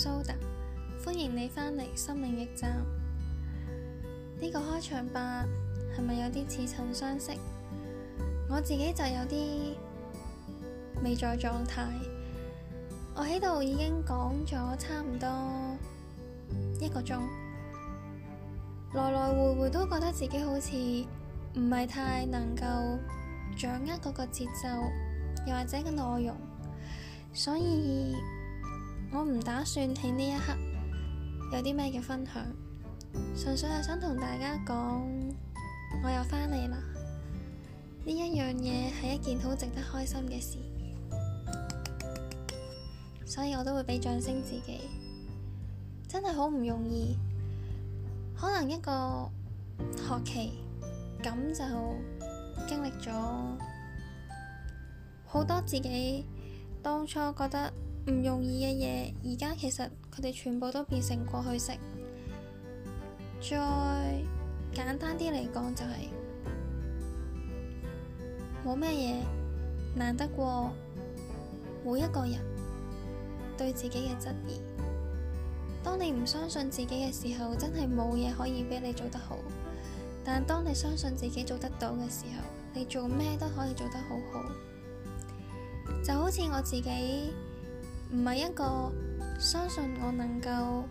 蘇達，Soda，歡迎你翻嚟心靈驛站。呢個開場白係咪有啲似曾相識？我自己就有啲未在狀態。我喺度已經講咗差唔多一個鐘，來來回回都覺得自己好似唔係太能夠掌握嗰個節奏，又或者個內容，所以。我唔打算喺呢一刻有啲咩嘅分享，純粹係想同大家講，我又返嚟啦。呢一樣嘢係一件好值得開心嘅事，所以我都會俾掌聲自己。真係好唔容易，可能一個學期咁就經歷咗好多自己當初覺得。唔容易嘅嘢，而家其實佢哋全部都變成過去式。再簡單啲嚟講，就係冇咩嘢難得過每一個人對自己嘅質疑。當你唔相信自己嘅時候，真係冇嘢可以俾你做得好。但係當你相信自己做得到嘅時候，你做咩都可以做得好好。就好似我自己。唔係一個相信我能夠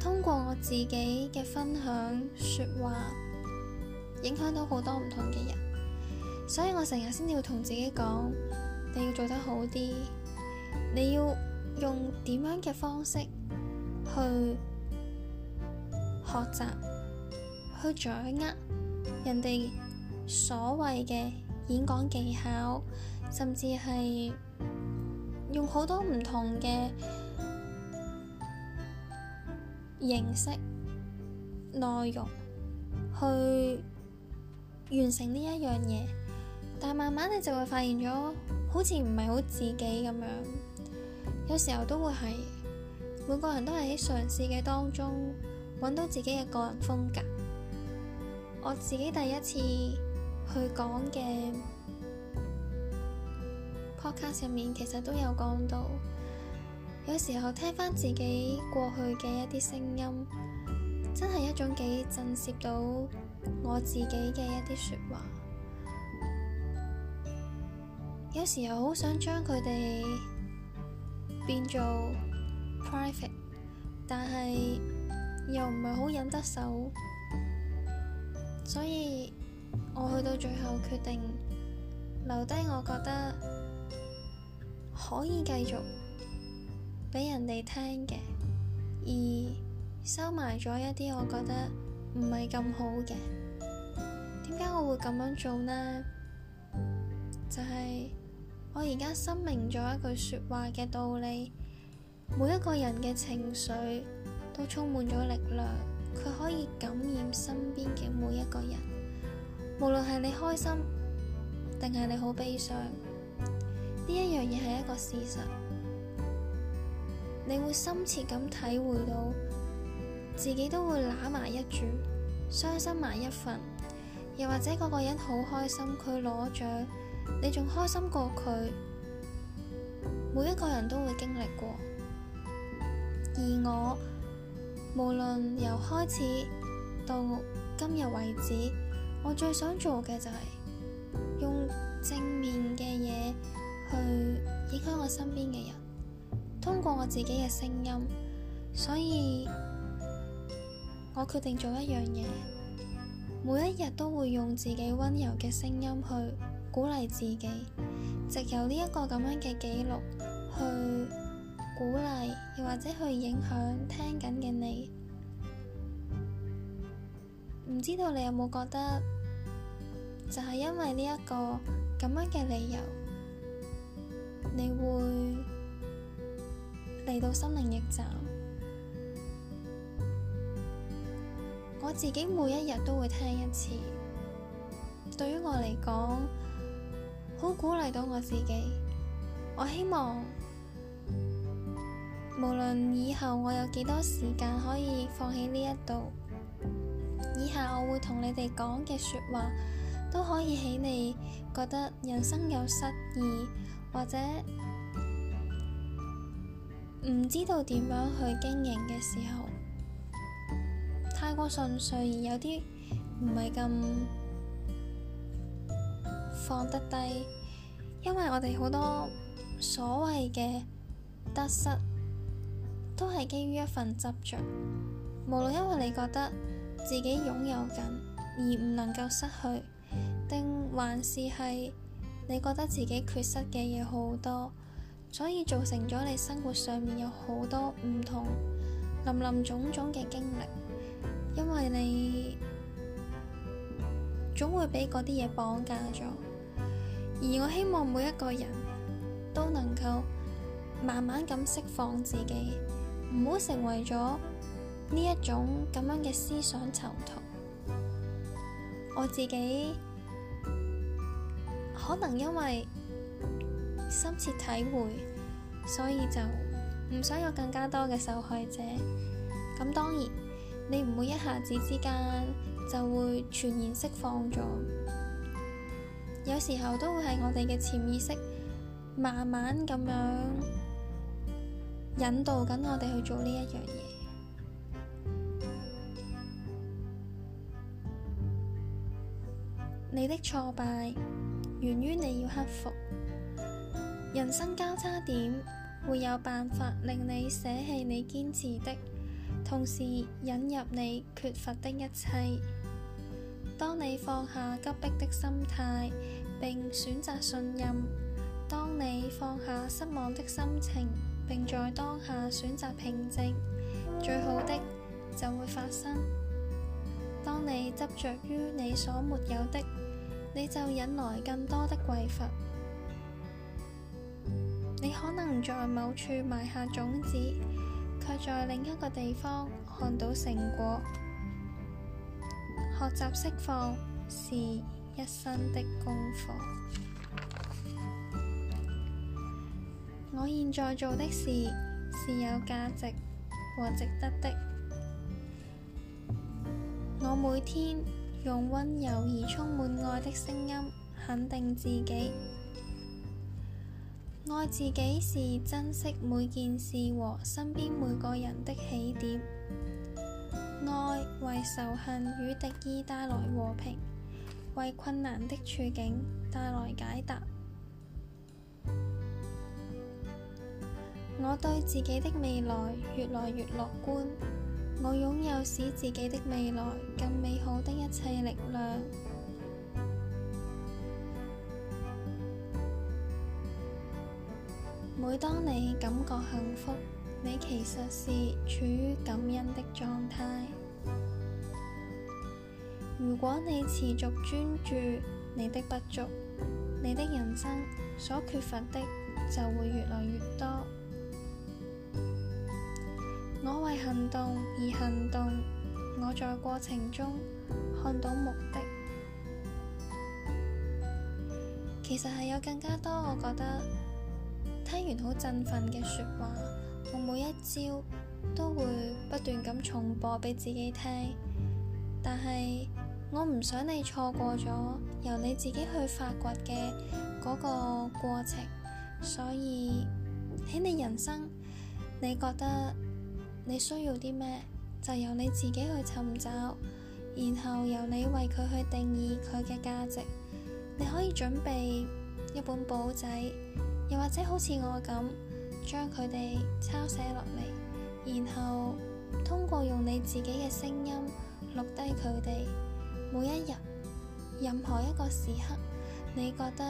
通過我自己嘅分享説話影響到好多唔同嘅人，所以我成日先要同自己講，你要做得好啲，你要用點樣嘅方式去學習去掌握人哋所謂嘅演講技巧，甚至係。用好多唔同嘅形式、內容去完成呢一樣嘢，但慢慢你就會發現咗，好似唔係好自己咁樣。有時候都會係，每個人都係喺嘗試嘅當中，揾到自己嘅個人風格。我自己第一次去講嘅。Podcast 上面其實都有講到，有時候聽翻自己過去嘅一啲聲音，真係一種幾震懾到我自己嘅一啲説話。有時候好想將佢哋變做 private，但係又唔係好忍得手，所以我去到最後決定留低，我覺得。可以繼續俾人哋聽嘅，而收埋咗一啲我覺得唔係咁好嘅。點解我會咁樣做呢？就係我而家深明咗一句說話嘅道理：每一個人嘅情緒都充滿咗力量，佢可以感染身邊嘅每一個人，無論係你開心定係你好悲傷。呢一樣嘢係一個事實，你會深切咁體會到自己都會揦埋一注，傷心埋一份，又或者個個人好開心，佢攞獎，你仲開心過佢。每一個人都會經歷過，而我無論由開始到今日為止，我最想做嘅就係、是、用正面嘅嘢。去影響我身邊嘅人，通過我自己嘅聲音，所以我決定做一樣嘢，每一日都會用自己溫柔嘅聲音去鼓勵自己。藉由呢一個咁樣嘅記錄去鼓勵，又或者去影響聽緊嘅你。唔知道你有冇覺得，就係因為呢、呢、一個咁樣嘅理由。你會嚟到心靈驛站，我自己每一日都會聽一次。對於我嚟講，好鼓勵到我自己。我希望無論以後我有幾多時間可以放喺呢一度，以下我會同你哋講嘅說話，都可以喺你覺得人生有失意，或者唔知道點樣去經營嘅時候，太過順遂而有啲唔係咁放得低，因為我哋好多所謂嘅得失，都係基於一份執着，無論因為你覺得自己擁有緊而唔能夠失去，定還是係。你覺得自己缺失嘅嘢好多，所以造成咗你生活上面有好多唔同林林總總嘅經歷，因為你總會俾嗰啲嘢綁架咗。而我希望每一個人都能夠慢慢咁釋放自己，唔好成為咗呢一種咁樣嘅思想囚徒。我自己。可能因為深切體會，所以就唔想有更加多嘅受害者。咁當然，你唔會一下子之間就會全然釋放咗。有時候都會喺我哋嘅潛意識，慢慢咁樣引導緊我哋去做呢一樣嘢。你的挫敗。源於你要克服人生交叉點，會有辦法令你捨棄你堅持的，同時引入你缺乏的一切。當你放下急迫的心態，並選擇信任；當你放下失望的心情，並在當下選擇平靜，最好的就會發生。當你執着於你所沒有的。你就引來更多的匱乏。你可能在某處埋下種子，卻在另一個地方看到成果。學習釋放是一生的功課。我現在做的事是有價值和值得的。我每天，用溫柔而充滿愛的聲音，肯定自己，愛自己是珍惜每件事和身邊每個人的起點。愛為仇恨與敵意帶來和平，為困難的處境帶來解答。我對自己的未來越來越樂觀。我擁有使自己的未來更美好的一切力量。每當你感覺幸福，你其實是處於感恩的狀態。如果你持續專注你的不足，你的人生所缺乏的就會越來越多。我為行動而行動，我在過程中看到目的。其實係有更加多，我覺得聽完好振奮嘅說話，我每一朝都會不斷咁重播畀自己聽。但係我唔想你錯過咗，由你自己去發掘嘅嗰個過程。所以喺你人生，你覺得？你需要啲咩，就由你自己去尋找，然後由你為佢去定義佢嘅價值。你可以準備一本簿仔，又或者好似我咁，將佢哋抄寫落嚟，然後通過用你自己嘅聲音錄低佢哋。每一日，任何一個時刻，你覺得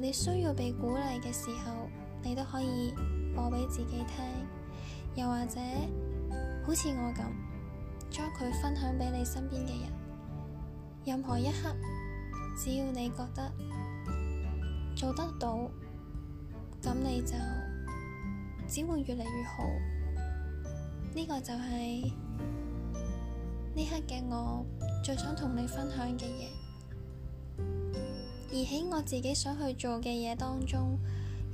你需要被鼓勵嘅時候，你都可以播俾自己聽，又或者。好似我咁，將佢分享俾你身邊嘅人。任何一刻，只要你覺得做得到，咁你就只會越嚟越好。呢個就係呢刻嘅我最想同你分享嘅嘢。而喺我自己想去做嘅嘢當中，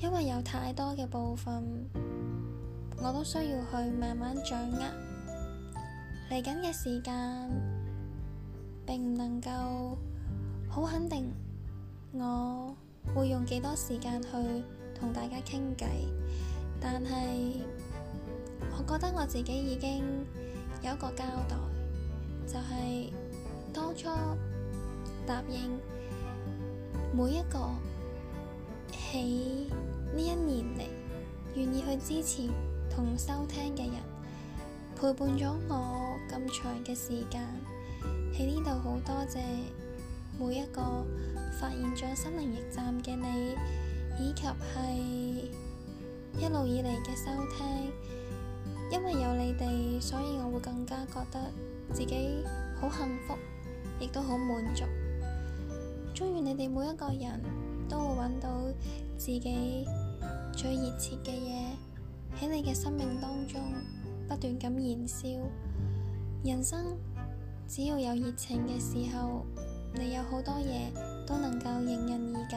因為有太多嘅部分，我都需要去慢慢掌握。嚟緊嘅時間並唔能夠好肯定，我會用幾多時間去同大家傾偈。但係，我覺得我自己已經有一個交代，就係當初答應每一個喺呢一年嚟願意去支持同收聽嘅人。陪伴咗我咁長嘅時間，喺呢度好多謝每一個發現咗心靈驛站嘅你，以及係一路以嚟嘅收聽。因為有你哋，所以我會更加覺得自己好幸福，亦都好滿足。祝願你哋每一個人都會揾到自己最熱切嘅嘢，喺你嘅生命當中。不斷咁燃燒，人生只要有熱情嘅時候，你有好多嘢都能夠迎刃而解，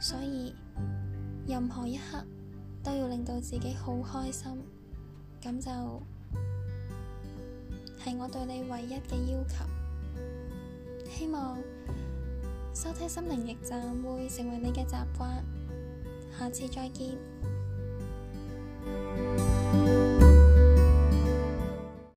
所以任何一刻都要令到自己好開心，咁就係我對你唯一嘅要求。希望收聽心靈驛站會成為你嘅習慣，下次再見。